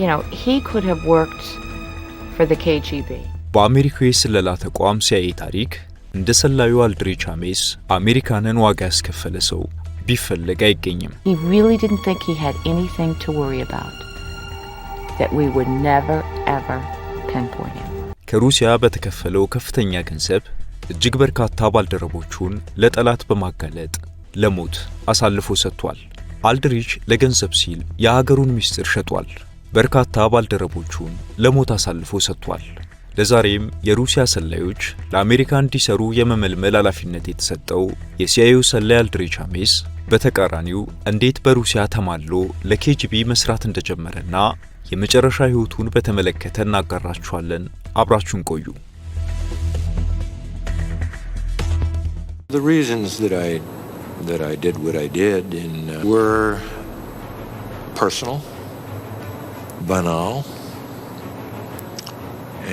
you know, he could have worked for the KGB. በአሜሪካ የስለላ ተቋም ሲአይኤ ታሪክ እንደ ሰላዩ አልድሪች አሜስ አሜሪካንን ዋጋ ያስከፈለ ሰው ቢፈለግ አይገኝም። He really didn't think he had anything to worry about that we would never ever pinpoint him. ከሩሲያ በተከፈለው ከፍተኛ ገንዘብ እጅግ በርካታ ባልደረቦቹን ለጠላት በማጋለጥ ለሞት አሳልፎ ሰጥቷል። አልድሪች ለገንዘብ ሲል የሀገሩን ምስጢር ሸጧል። በርካታ ባልደረቦቹን ለሞት አሳልፎ ሰጥቷል። ለዛሬም የሩሲያ ሰላዮች ለአሜሪካ እንዲሰሩ የመመልመል ኃላፊነት የተሰጠው የሲአይኤው ሰላይ አልድሪች አሜስ በተቃራኒው እንዴት በሩሲያ ተማሎ ለኬጂቢ መስራት እንደጀመረና የመጨረሻ ሕይወቱን በተመለከተ እናጋራችኋለን። አብራችሁን ቆዩ። uh, personal. banal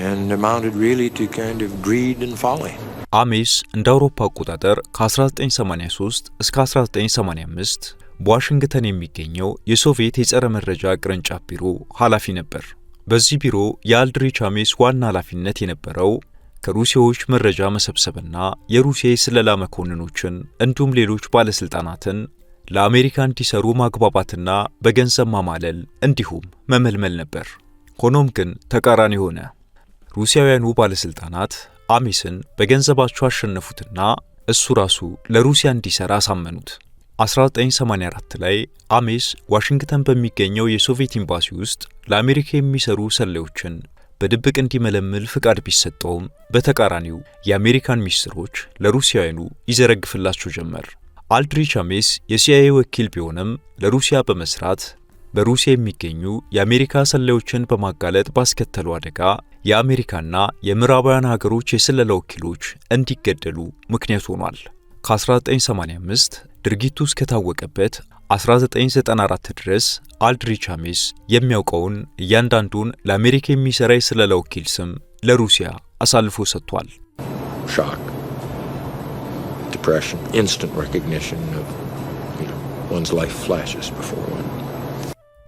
and amounted really to kind of greed and folly. አሜስ እንደ አውሮፓ አቆጣጠር ከ1983 እስከ 1985 በዋሽንግተን የሚገኘው የሶቪየት የጸረ መረጃ ቅርንጫፍ ቢሮ ኃላፊ ነበር። በዚህ ቢሮ የአልድሪች አሜስ ዋና ኃላፊነት የነበረው ከሩሲያዎች መረጃ መሰብሰብና የሩሲያ የስለላ መኮንኖችን እንዲሁም ሌሎች ባለሥልጣናትን ለአሜሪካ እንዲሰሩ ማግባባትና በገንዘብ ማማለል እንዲሁም መመልመል ነበር። ሆኖም ግን ተቃራኒ ሆነ። ሩሲያውያኑ ባለሥልጣናት አሚስን በገንዘባቸው አሸነፉትና እሱ ራሱ ለሩሲያ እንዲሠራ አሳመኑት። 1984 ላይ አሚስ ዋሽንግተን በሚገኘው የሶቪየት ኤምባሲ ውስጥ ለአሜሪካ የሚሰሩ ሰላዮችን በድብቅ እንዲመለምል ፍቃድ ቢሰጠውም በተቃራኒው የአሜሪካን ሚስጥሮች ለሩሲያውያኑ ይዘረግፍላቸው ጀመር። አልድሪች አሜስ የሲአይኤ ወኪል ቢሆንም ለሩሲያ በመስራት በሩሲያ የሚገኙ የአሜሪካ ሰላዮችን በማጋለጥ ባስከተሉ አደጋ የአሜሪካና የምዕራባውያን ሀገሮች የስለላ ወኪሎች እንዲገደሉ ምክንያት ሆኗል። ከ1985 ድርጊቱ እስከታወቀበት 1994 ድረስ አልድሪች አሜስ የሚያውቀውን እያንዳንዱን ለአሜሪካ የሚሰራ የስለላ ወኪል ስም ለሩሲያ አሳልፎ ሰጥቷል። impression, instant recognition of you know, one's life flashes before one.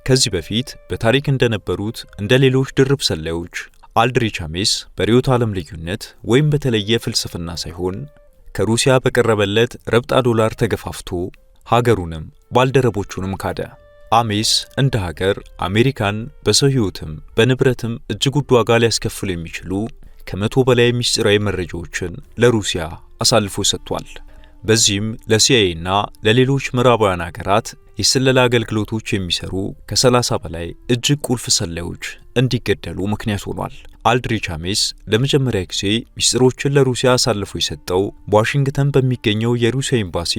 ከዚህ በፊት በታሪክ እንደነበሩት እንደ ሌሎች ድርብ ሰላዮች አልድሪች አሜስ በርዕዮተ ዓለም ልዩነት ወይም በተለየ ፍልስፍና ሳይሆን ከሩሲያ በቀረበለት ረብጣ ዶላር ተገፋፍቶ ሀገሩንም ባልደረቦቹንም ካደ። አሜስ እንደ ሀገር አሜሪካን በሰው ሕይወትም በንብረትም እጅግ ውድ ዋጋ ሊያስከፍሉ የሚችሉ ከመቶ በላይ ምስጢራዊ መረጃዎችን ለሩሲያ አሳልፎ ሰጥቷል። በዚህም ለሲአይኤ እና ለሌሎች ምዕራባውያን ሀገራት የስለላ አገልግሎቶች የሚሰሩ ከ30 በላይ እጅግ ቁልፍ ሰላዮች እንዲገደሉ ምክንያት ሆኗል። አልድሪች አሜስ ለመጀመሪያ ጊዜ ሚስጥሮችን ለሩሲያ አሳልፎ የሰጠው በዋሽንግተን በሚገኘው የሩሲያ ኤምባሲ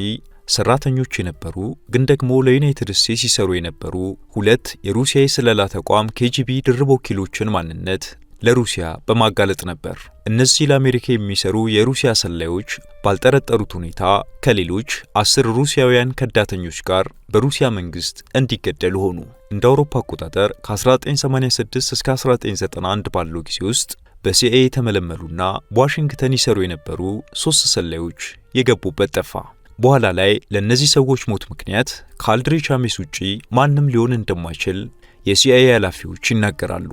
ሰራተኞች የነበሩ ግን ደግሞ ለዩናይትድ ስቴትስ ሲሰሩ የነበሩ ሁለት የሩሲያ የስለላ ተቋም ኬጂቢ ድርብ ወኪሎችን ማንነት ለሩሲያ በማጋለጥ ነበር። እነዚህ ለአሜሪካ የሚሰሩ የሩሲያ ሰላዮች ባልጠረጠሩት ሁኔታ ከሌሎች አስር ሩሲያውያን ከዳተኞች ጋር በሩሲያ መንግስት እንዲገደሉ ሆኑ። እንደ አውሮፓ አቆጣጠር ከ1986 እስከ 1991 ባለው ጊዜ ውስጥ በሲአይኤ የተመለመሉና ዋሽንግተን ይሰሩ የነበሩ ሶስት ሰላዮች የገቡበት ጠፋ። በኋላ ላይ ለእነዚህ ሰዎች ሞት ምክንያት ከአልድሪች ቻሜስ ውጪ ማንም ሊሆን እንደማይችል የሲአይኤ ኃላፊዎች ይናገራሉ።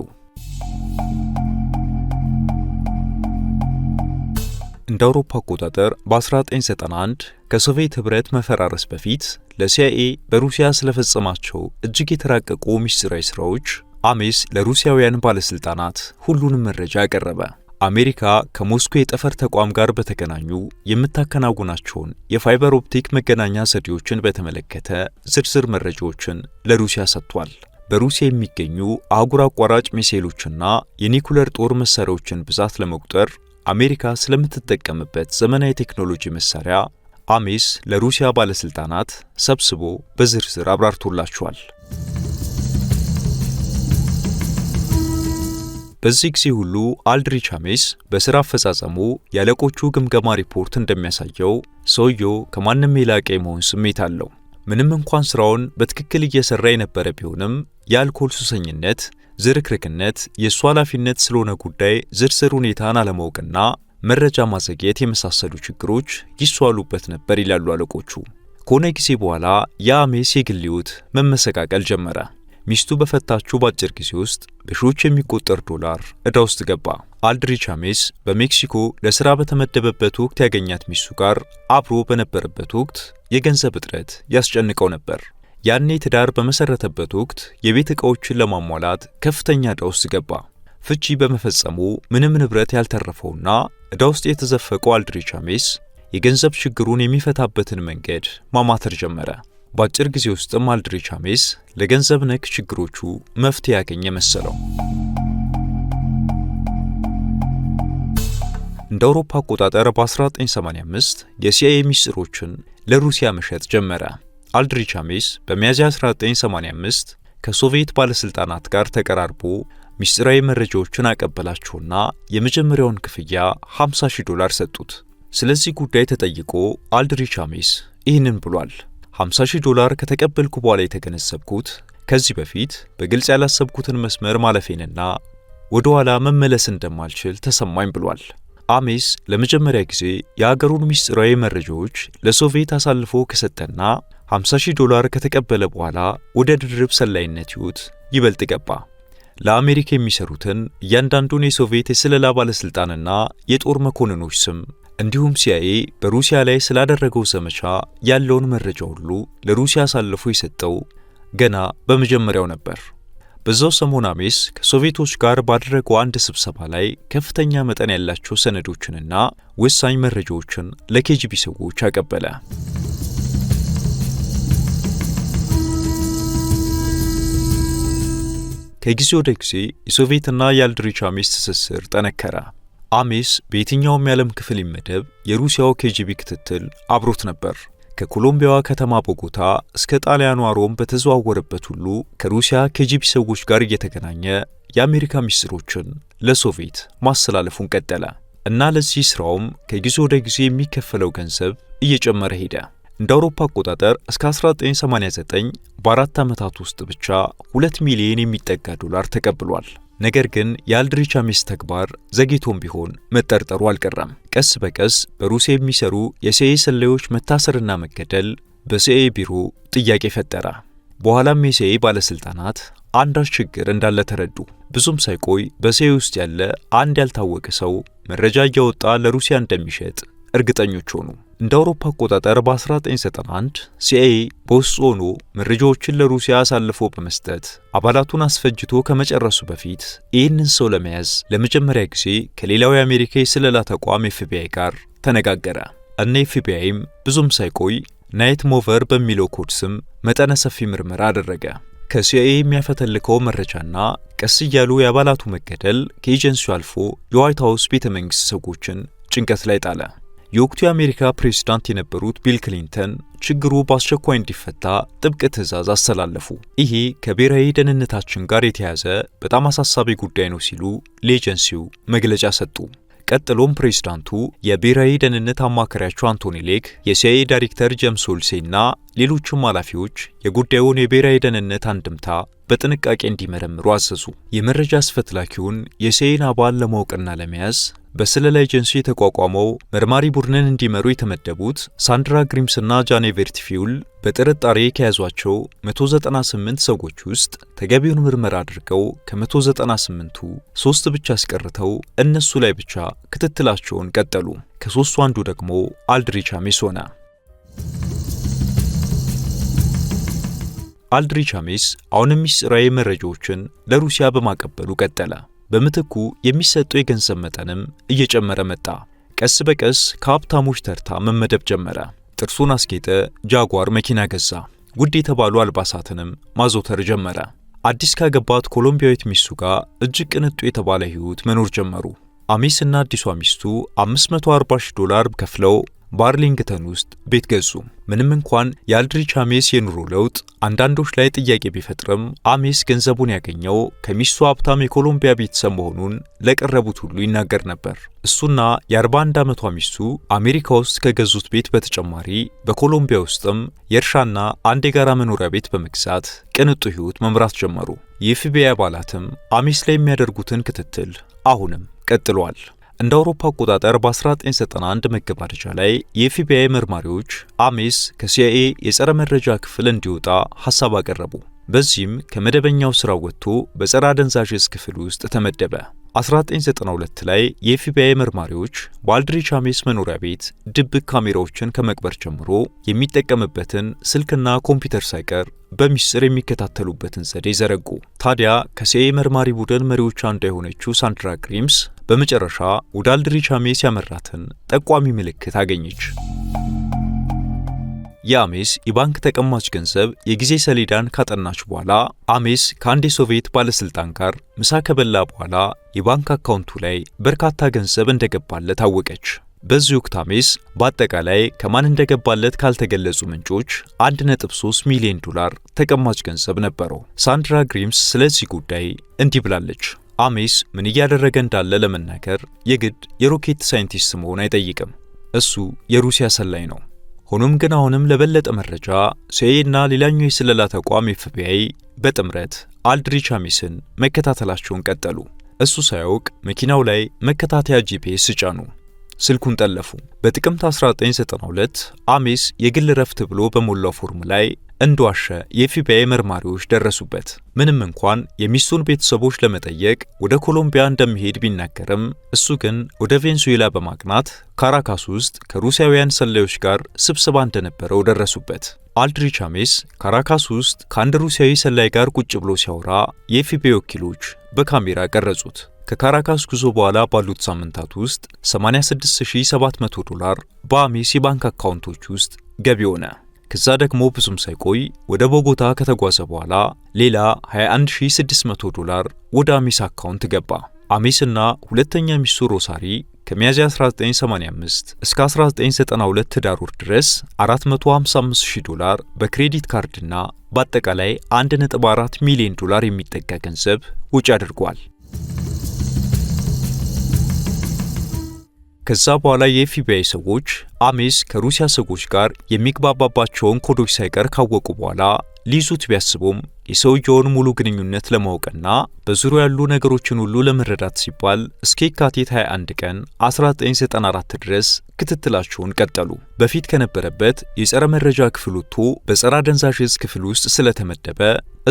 እንደ አውሮፓ አቆጣጠር በ1991 ከሶቪየት ህብረት መፈራረስ በፊት ለሲአይኤ በሩሲያ ስለፈጸማቸው እጅግ የተራቀቁ ምስጢራዊ ስራዎች አሜስ ለሩሲያውያን ባለስልጣናት ሁሉንም መረጃ አቀረበ። አሜሪካ ከሞስኮ የጠፈር ተቋም ጋር በተገናኙ የምታከናውናቸውን የፋይበር ኦፕቲክ መገናኛ ዘዴዎችን በተመለከተ ዝርዝር መረጃዎችን ለሩሲያ ሰጥቷል። በሩሲያ የሚገኙ አህጉር አቋራጭ ሚሳኤሎችና የኒኩለር ጦር መሳሪያዎችን ብዛት ለመቁጠር አሜሪካ ስለምትጠቀምበት ዘመናዊ ቴክኖሎጂ መሳሪያ አሜስ ለሩሲያ ባለስልጣናት ሰብስቦ በዝርዝር አብራርቶላቸዋል። በዚህ ጊዜ ሁሉ አልድሪች አሜስ በስራ አፈጻጸሙ የአለቆቹ ግምገማ ሪፖርት እንደሚያሳየው ሰውየው ከማንም የላቀ የመሆን ስሜት አለው። ምንም እንኳን ስራውን በትክክል እየሰራ የነበረ ቢሆንም የአልኮል ሱሰኝነት፣ ዝርክርክነት፣ የእሱ ኃላፊነት ስለሆነ ጉዳይ ዝርዝር ሁኔታን አለማወቅና መረጃ ማዘግየት የመሳሰሉ ችግሮች ይስተዋሉበት ነበር ይላሉ አለቆቹ። ከሆነ ጊዜ በኋላ የአሜስ የግል ሕይወት መመሰቃቀል ጀመረ። ሚስቱ በፈታችው በአጭር ጊዜ ውስጥ በሺዎች የሚቆጠር ዶላር ዕዳ ውስጥ ገባ። አልድሪች አሜስ በሜክሲኮ ለሥራ በተመደበበት ወቅት ያገኛት ሚስቱ ጋር አብሮ በነበረበት ወቅት የገንዘብ እጥረት ያስጨንቀው ነበር። ያኔ ትዳር በመሰረተበት ወቅት የቤት ዕቃዎችን ለማሟላት ከፍተኛ ዕዳ ውስጥ ገባ። ፍቺ በመፈጸሙ ምንም ንብረት ያልተረፈውና ዕዳ ውስጥ የተዘፈቀው አልድሪች ሐሜስ የገንዘብ ችግሩን የሚፈታበትን መንገድ ማማተር ጀመረ። በአጭር ጊዜ ውስጥም አልድሪች ሜስ ለገንዘብ ነክ ችግሮቹ መፍትሄ ያገኘ መሰለው። እንደ አውሮፓ አቆጣጠር በ1985 የሲአይኤ ሚስጥሮችን ለሩሲያ መሸጥ ጀመረ። አልድሪች አሜስ በሚያዝያ 1985 ከሶቪየት ባለሥልጣናት ጋር ተቀራርቦ ሚስጢራዊ መረጃዎችን አቀበላቸውና የመጀመሪያውን ክፍያ 50 ሺህ ዶላር ሰጡት። ስለዚህ ጉዳይ ተጠይቆ አልድሪች አሜስ ይህንን ብሏል። 50 ሺህ ዶላር ከተቀበልኩ በኋላ የተገነዘብኩት ከዚህ በፊት በግልጽ ያላሰብኩትን መስመር ማለፌንና ወደ ኋላ መመለስ እንደማልችል ተሰማኝ ብሏል። አሜስ ለመጀመሪያ ጊዜ የአገሩን ምስጢራዊ መረጃዎች ለሶቪየት አሳልፎ ከሰጠና 500 ዶላር ከተቀበለ በኋላ ወደ ድርብ ሰላይነት ሕይወት ይበልጥ ገባ። ለአሜሪካ የሚሰሩትን እያንዳንዱን የሶቪየት የስለላ ባለሥልጣንና የጦር መኮንኖች ስም እንዲሁም ሲአይኤ በሩሲያ ላይ ስላደረገው ዘመቻ ያለውን መረጃ ሁሉ ለሩሲያ አሳልፎ የሰጠው ገና በመጀመሪያው ነበር። በዛው ሰሞን አሜስ ከሶቪየቶች ጋር ባደረገው አንድ ስብሰባ ላይ ከፍተኛ መጠን ያላቸው ሰነዶችንና ወሳኝ መረጃዎችን ለኬጂቢ ሰዎች አቀበለ። ከጊዜ ወደ ጊዜ የሶቪየትና የአልድሪች አሜስ ትስስር ጠነከረ። አሜስ በየትኛውም የዓለም ክፍል ይመደብ፣ የሩሲያው ኬጂቢ ክትትል አብሮት ነበር። ከኮሎምቢያዋ ከተማ ቦጎታ እስከ ጣሊያኗ ሮም በተዘዋወረበት ሁሉ ከሩሲያ ከጂቢ ሰዎች ጋር እየተገናኘ የአሜሪካ ምስጢሮችን ለሶቪየት ማስተላለፉን ቀጠለ እና ለዚህ ስራውም ከጊዜ ወደ ጊዜ የሚከፈለው ገንዘብ እየጨመረ ሄደ። እንደ አውሮፓ አቆጣጠር እስከ 1989 በአራት ዓመታት ውስጥ ብቻ ሁለት ሚሊዮን የሚጠጋ ዶላር ተቀብሏል። ነገር ግን የአልድሪቻ ሚስ ተግባር ዘግይቶም ቢሆን መጠርጠሩ አልቀረም። ቀስ በቀስ በሩሲያ የሚሰሩ የሲኤ ሰላዮች መታሰርና መገደል በሲኤ ቢሮ ጥያቄ ፈጠረ። በኋላም የሲኤ ባለስልጣናት አንዳች ችግር እንዳለ ተረዱ። ብዙም ሳይቆይ በሲኤ ውስጥ ያለ አንድ ያልታወቀ ሰው መረጃ እያወጣ ለሩሲያ እንደሚሸጥ እርግጠኞች ሆኑ። እንደ አውሮፓ አቆጣጠር በ1991 ሲአይኤ በውስጥ ሆኖ መረጃዎችን ለሩሲያ አሳልፎ በመስጠት አባላቱን አስፈጅቶ ከመጨረሱ በፊት ይህንን ሰው ለመያዝ ለመጀመሪያ ጊዜ ከሌላው የአሜሪካ የስለላ ተቋም ኤፍቢአይ ጋር ተነጋገረ እና ኤፍቢአይም ብዙም ሳይቆይ ናይት ሞቨር በሚለው ኮድ ስም መጠነ ሰፊ ምርመራ አደረገ። ከሲአይኤ የሚያፈተልከው መረጃና ቀስ እያሉ የአባላቱ መገደል ከኤጀንሲው አልፎ የዋይት ሀውስ ቤተ መንግሥት ሰዎችን ጭንቀት ላይ ጣለ። የወቅቱ የአሜሪካ ፕሬዝዳንት የነበሩት ቢል ክሊንተን ችግሩ በአስቸኳይ እንዲፈታ ጥብቅ ትዕዛዝ አስተላለፉ። ይሄ ከብሔራዊ ደህንነታችን ጋር የተያያዘ በጣም አሳሳቢ ጉዳይ ነው ሲሉ ለኤጀንሲው መግለጫ ሰጡ። ቀጥሎም ፕሬዝዳንቱ የብሔራዊ ደህንነት አማካሪያቸው አንቶኒ ሌክ፣ የሲአይኤ ዳይሬክተር ጄምስ ሆልሴ እና ሌሎቹም ኃላፊዎች የጉዳዩን የብሔራዊ ደህንነት አንድምታ በጥንቃቄ እንዲመረምሩ አዘዙ። የመረጃ አስፈትላኪውን የሲአይኤን አባል ለማወቅና ለመያዝ በስለላ ኤጀንሲ የተቋቋመው መርማሪ ቡድንን እንዲመሩ የተመደቡት ሳንድራ ግሪምስና ጃኔ ቬርትፊውል በጥርጣሬ ከያዟቸው 198 ሰዎች ውስጥ ተገቢውን ምርመራ አድርገው ከ198ቱ ሶስት ብቻ አስቀርተው እነሱ ላይ ብቻ ክትትላቸውን ቀጠሉ። ከሶስቱ አንዱ ደግሞ አልድሪቻ አሚስ ሆነ። አልድሪች አሜስ አሁንም ምስጢራዊ መረጃዎችን ለሩሲያ በማቀበሉ ቀጠለ። በምትኩ የሚሰጠው የገንዘብ መጠንም እየጨመረ መጣ። ቀስ በቀስ ከሀብታሞች ተርታ መመደብ ጀመረ። ጥርሱን አስጌጠ፣ ጃጓር መኪና ገዛ፣ ውድ የተባሉ አልባሳትንም ማዞተር ጀመረ። አዲስ ካገባት ኮሎምቢያዊት ሚስቱ ጋር እጅግ ቅንጡ የተባለ ሕይወት መኖር ጀመሩ። አሜስና አዲሷ ሚስቱ 540 ዶላር ከፍለው በአርሊንግተን ውስጥ ቤት ገዙ። ምንም እንኳን የአልድሪች አሜስ የኑሮ ለውጥ አንዳንዶች ላይ ጥያቄ ቢፈጥርም አሜስ ገንዘቡን ያገኘው ከሚስቱ ሀብታም የኮሎምቢያ ቤተሰብ መሆኑን ለቀረቡት ሁሉ ይናገር ነበር። እሱና የ41 ዓመቷ ሚስቱ አሜሪካ ውስጥ ከገዙት ቤት በተጨማሪ በኮሎምቢያ ውስጥም የእርሻና አንድ የጋራ መኖሪያ ቤት በመግዛት ቅንጡ ሕይወት መምራት ጀመሩ። የኤፍቢአይ አባላትም አሜስ ላይ የሚያደርጉትን ክትትል አሁንም ቀጥሏል። እንደ አውሮፓ አቆጣጠር በ1991 መገባደጃ ላይ የኤፍቢአይ መርማሪዎች አሜስ ከሲአይኤ የጸረ መረጃ ክፍል እንዲወጣ ሀሳብ አቀረቡ። በዚህም ከመደበኛው ስራ ወጥቶ በጸረ አደንዛዥ እጽ ክፍል ውስጥ ተመደበ። 1992 ላይ የኤፍቢአይ መርማሪዎች በአልድሪች ሀሜስ መኖሪያ ቤት ድብቅ ካሜራዎችን ከመቅበር ጀምሮ የሚጠቀምበትን ስልክና ኮምፒውተር ሳይቀር በሚስጥር የሚከታተሉበትን ዘዴ ዘረጉ። ታዲያ ከሲአይኤ መርማሪ ቡድን መሪዎች አንዷ የሆነችው ሳንድራ ግሪምስ በመጨረሻ ወደ አልድሪች ሀሜስ ያመራትን ጠቋሚ ምልክት አገኘች። የአሜስ የባንክ ተቀማጭ ገንዘብ የጊዜ ሰሌዳን ካጠናች በኋላ አሜስ ከአንድ የሶቪየት ባለስልጣን ጋር ምሳ ከበላ በኋላ የባንክ አካውንቱ ላይ በርካታ ገንዘብ እንደገባለት አወቀች። በዚህ ወቅት አሜስ በአጠቃላይ ከማን እንደገባለት ካልተገለጹ ምንጮች 1.3 ሚሊዮን ዶላር ተቀማጭ ገንዘብ ነበረው። ሳንድራ ግሪምስ ስለዚህ ጉዳይ እንዲህ ብላለች። አሜስ ምን እያደረገ እንዳለ ለመናገር የግድ የሮኬት ሳይንቲስት መሆን አይጠይቅም። እሱ የሩሲያ ሰላይ ነው። ሆኖም ግን አሁንም ለበለጠ መረጃ ሲአይኤ እና ሌላኛው የስለላ ተቋም ኤፍቢአይ በጥምረት አልድሪች አሚስን መከታተላቸውን ቀጠሉ። እሱ ሳያውቅ መኪናው ላይ መከታተያ ጂፒኤስ ጫኑ፣ ስልኩን ጠለፉ። በጥቅምት 1992 አሚስ የግል ረፍት ብሎ በሞላው ፎርም ላይ እንዷሸ የኤፍቢአይ መርማሪዎች ደረሱበት። ምንም እንኳን የሚስቱን ቤተሰቦች ለመጠየቅ ወደ ኮሎምቢያ እንደሚሄድ ቢናገርም እሱ ግን ወደ ቬንሱዌላ በማቅናት ካራካስ ውስጥ ከሩሲያውያን ሰላዮች ጋር ስብሰባ እንደነበረው ደረሱበት። አልድሪች ቻሜስ ካራካስ ውስጥ ከአንድ ሩሲያዊ ሰላይ ጋር ቁጭ ብሎ ሲያወራ የኤፍቢአይ ወኪሎች በካሜራ ቀረጹት። ከካራካስ ጉዞ በኋላ ባሉት ሳምንታት ውስጥ 86700 ዶላር በአሜስ የባንክ አካውንቶች ውስጥ ገቢ ሆነ። ከዛ ደግሞ ብዙም ሳይቆይ ወደ ቦጎታ ከተጓዘ በኋላ ሌላ 21600 ዶላር ወደ አሚስ አካውንት ገባ። አሚስና ሁለተኛ ሚስቱ ሮሳሪ ከሚያዝያ 1985 እስከ 1992 ህዳር ወር ድረስ 455000 ዶላር በክሬዲት ካርድና በአጠቃላይ 1.4 ሚሊዮን ዶላር የሚጠጋ ገንዘብ ውጪ አድርጓል። ከዛ በኋላ የኤፍቢአይ ሰዎች አሜስ ከሩሲያ ሰዎች ጋር የሚግባባባቸውን ኮዶች ሳይቀር ካወቁ በኋላ ሊይዙት ቢያስቡም የሰውየውን ሙሉ ግንኙነት ለማወቅና በዙሪያው ያሉ ነገሮችን ሁሉ ለመረዳት ሲባል እስከ የካቲት 21 ቀን 1994 ድረስ ክትትላቸውን ቀጠሉ። በፊት ከነበረበት የጸረ መረጃ ክፍል ወጥቶ በጸረ አደንዛዥ ክፍል ውስጥ ስለተመደበ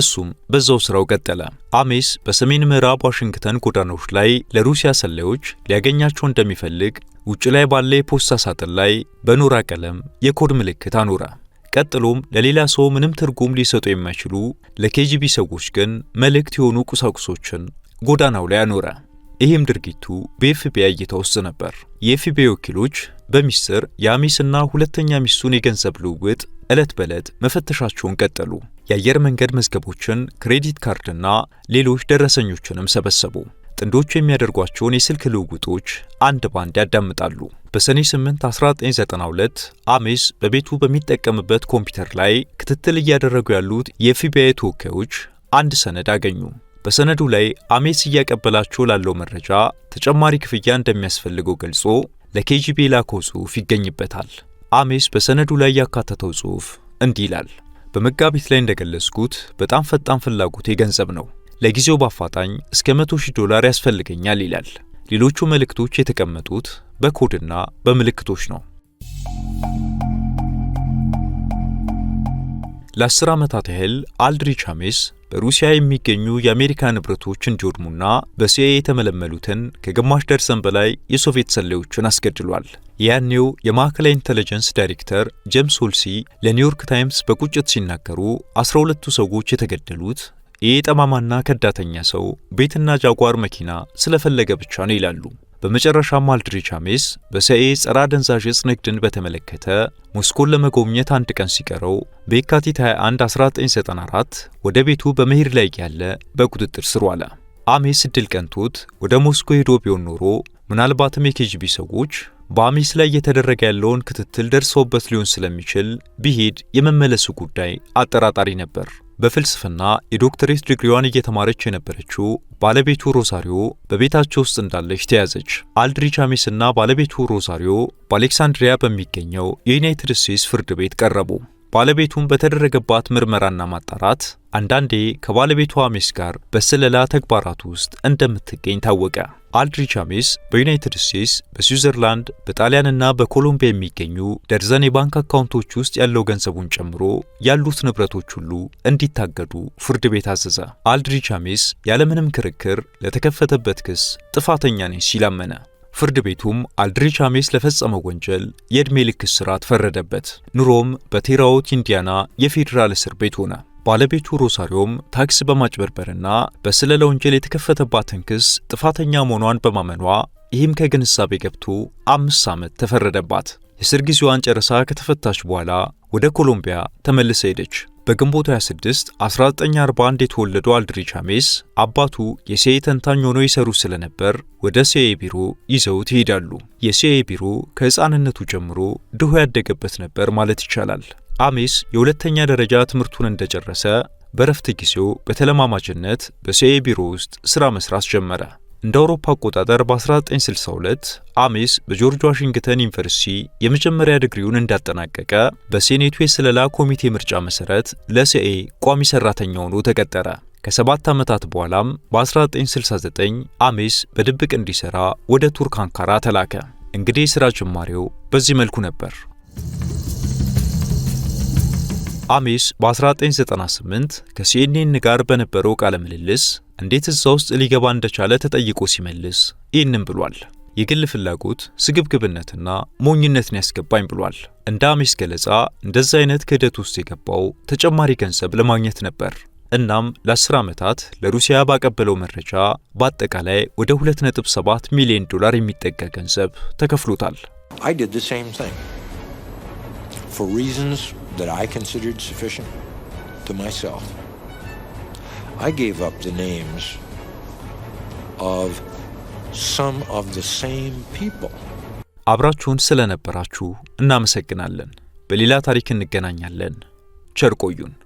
እሱም በዛው ስራው ቀጠለ። አሜስ በሰሜን ምዕራብ ዋሽንግተን ጎዳናዎች ላይ ለሩሲያ ሰላዮች ሊያገኛቸው እንደሚፈልግ ውጭ ላይ ባለ የፖስታ ሳጥን ላይ በኖራ ቀለም የኮድ ምልክት አኖረ። ቀጥሎም ለሌላ ሰው ምንም ትርጉም ሊሰጡ የማይችሉ ለኬጂቢ ሰዎች ግን መልእክት የሆኑ ቁሳቁሶችን ጎዳናው ላይ አኖረ። ይህም ድርጊቱ በኤፍቢአይ እይታ ውስጥ ነበር። የኤፍቢአይ ወኪሎች በሚስጥር የአሚስና ሁለተኛ ሚስቱን የገንዘብ ልውውጥ ዕለት በዕለት መፈተሻቸውን ቀጠሉ። የአየር መንገድ መዝገቦችን፣ ክሬዲት ካርድና ሌሎች ደረሰኞችንም ሰበሰቡ። ጥንዶቹ የሚያደርጓቸውን የስልክ ልውውጦች አንድ ባንድ ያዳምጣሉ። በሰኔ 8 1992 አሜስ በቤቱ በሚጠቀምበት ኮምፒውተር ላይ ክትትል እያደረጉ ያሉት የኤፍቢአይ ተወካዮች አንድ ሰነድ አገኙ። በሰነዱ ላይ አሜስ እያቀበላቸው ላለው መረጃ ተጨማሪ ክፍያ እንደሚያስፈልገው ገልጾ ለኬጂቢ የላከው ጽሑፍ ይገኝበታል። አሜስ በሰነዱ ላይ ያካተተው ጽሑፍ እንዲህ ይላል። በመጋቢት ላይ እንደገለጽኩት በጣም ፈጣን ፍላጎቴ ገንዘብ ነው። ለጊዜው በአፋጣኝ እስከ 100 ሺህ ዶላር ያስፈልገኛል ይላል። ሌሎቹ መልእክቶች የተቀመጡት በኮድና በምልክቶች ነው። ለአስር ዓመታት ያህል አልድሪች አሜስ በሩሲያ የሚገኙ የአሜሪካ ንብረቶች እንዲወድሙና በሲአይኤ የተመለመሉትን ከግማሽ ደርሰን በላይ የሶቪየት ሰላዮችን አስገድሏል። ያኔው የማዕከላዊ ኢንቴሊጀንስ ዳይሬክተር ጄምስ ሆልሲ ለኒውዮርክ ታይምስ በቁጭት ሲናገሩ 12 ሁለቱ ሰዎች የተገደሉት የጠማማና ጠማማና ከዳተኛ ሰው ቤትና ጃጓር መኪና ስለፈለገ ብቻ ነው ይላሉ። በመጨረሻም አልድሪች ሜስ በሰኤ ጸረ አደንዛዥ ዕፅ ንግድን በተመለከተ ሞስኮን ለመጎብኘት አንድ ቀን ሲቀረው በየካቲት 21 1994 ወደ ቤቱ በመሄድ ላይ ያለ በቁጥጥር ስር ዋለ። አሜስ እድል ቀንቶት ወደ ሞስኮ ሄዶ ቢሆን ኖሮ ምናልባትም የኬጂቢ ሰዎች በአሜስ ላይ እየተደረገ ያለውን ክትትል ደርሰውበት ሊሆን ስለሚችል ቢሄድ የመመለሱ ጉዳይ አጠራጣሪ ነበር። በፍልስፍና የዶክተሬት ዲግሪዋን እየተማረች የነበረችው ባለቤቱ ሮዛሪዮ በቤታቸው ውስጥ እንዳለች ተያዘች። አልድሪች አሜስ እና ባለቤቱ ሮዛሪዮ በአሌክሳንድሪያ በሚገኘው የዩናይትድ ስቴትስ ፍርድ ቤት ቀረቡ። ባለቤቱም በተደረገባት ምርመራና ማጣራት አንዳንዴ ከባለቤቱ አሜስ ጋር በስለላ ተግባራት ውስጥ እንደምትገኝ ታወቀ። አልድሪች አሜስ በዩናይትድ ስቴትስ፣ በስዊዘርላንድ፣ በጣሊያንና በኮሎምቢያ የሚገኙ ደርዘን የባንክ አካውንቶች ውስጥ ያለው ገንዘቡን ጨምሮ ያሉት ንብረቶች ሁሉ እንዲታገዱ ፍርድ ቤት አዘዘ። አልድሪች አሜስ ያለምንም ክርክር ለተከፈተበት ክስ ጥፋተኛ ነኝ ሲል አመነ። ፍርድ ቤቱም አልድሪች አሜስ ለፈጸመው ወንጀል የዕድሜ ልክ እስራት ፈረደበት። ኑሮም በቴራዎት ኢንዲያና የፌዴራል እስር ቤት ሆነ። ባለቤቱ ሮሳሪዮም ታክስ በማጭበርበርና በስለላ ወንጀል የተከፈተባትን ክስ ጥፋተኛ መሆኗን በማመኗ ይህም ከግንዛቤ ገብቶ አምስት ዓመት ተፈረደባት። የስር ጊዜዋን ጨርሳ ከተፈታች በኋላ ወደ ኮሎምቢያ ተመልሳ ሄደች። በግንቦት 26 1941 የተወለደው አልድሪች ሐሜስ አባቱ የሲአይኤ ተንታኝ ሆነው ይሰሩ ስለነበር ወደ ሲአይኤ ቢሮ ይዘውት ይሄዳሉ። የሲአይኤ ቢሮ ከሕፃንነቱ ጀምሮ ድሆ ያደገበት ነበር ማለት ይቻላል። አሜስ የሁለተኛ ደረጃ ትምህርቱን እንደጨረሰ በረፍት ጊዜው በተለማማጅነት በሲአይኤ ቢሮ ውስጥ ሥራ መስራት ጀመረ። እንደ አውሮፓ አቆጣጠር በ1962 አሜስ በጆርጅ ዋሽንግተን ዩኒቨርሲቲ የመጀመሪያ ዲግሪውን እንዳጠናቀቀ በሴኔቱ የስለላ ኮሚቴ ምርጫ መሠረት ለሲአይኤ ቋሚ ሠራተኛ ሆኖ ተቀጠረ። ከሰባት ዓመታት በኋላም በ1969 አሜስ በድብቅ እንዲሠራ ወደ ቱርክ አንካራ ተላከ። እንግዲህ የሥራ ጅማሬው በዚህ መልኩ ነበር። አሜስ በ1998 ከሲኤንኤን ጋር በነበረው ቃለ ምልልስ እንዴት እዛ ውስጥ ሊገባ እንደቻለ ተጠይቆ ሲመልስ ይህንም ብሏል። የግል ፍላጎት ስግብግብነትና ሞኝነትን ያስገባኝ ብሏል። እንደ አሜስ ገለጻ እንደዛ አይነት ክህደት ውስጥ የገባው ተጨማሪ ገንዘብ ለማግኘት ነበር። እናም ለ10 ዓመታት ለሩሲያ ባቀበለው መረጃ በአጠቃላይ ወደ 2.7 ሚሊዮን ዶላር የሚጠጋ ገንዘብ ተከፍሎታል። that I considered sufficient to myself, I gave up the names of some of the same people. አብራችሁን ስለነበራችሁ እናመሰግናለን። በሌላ ታሪክ እንገናኛለን። ቸር ቆዩን።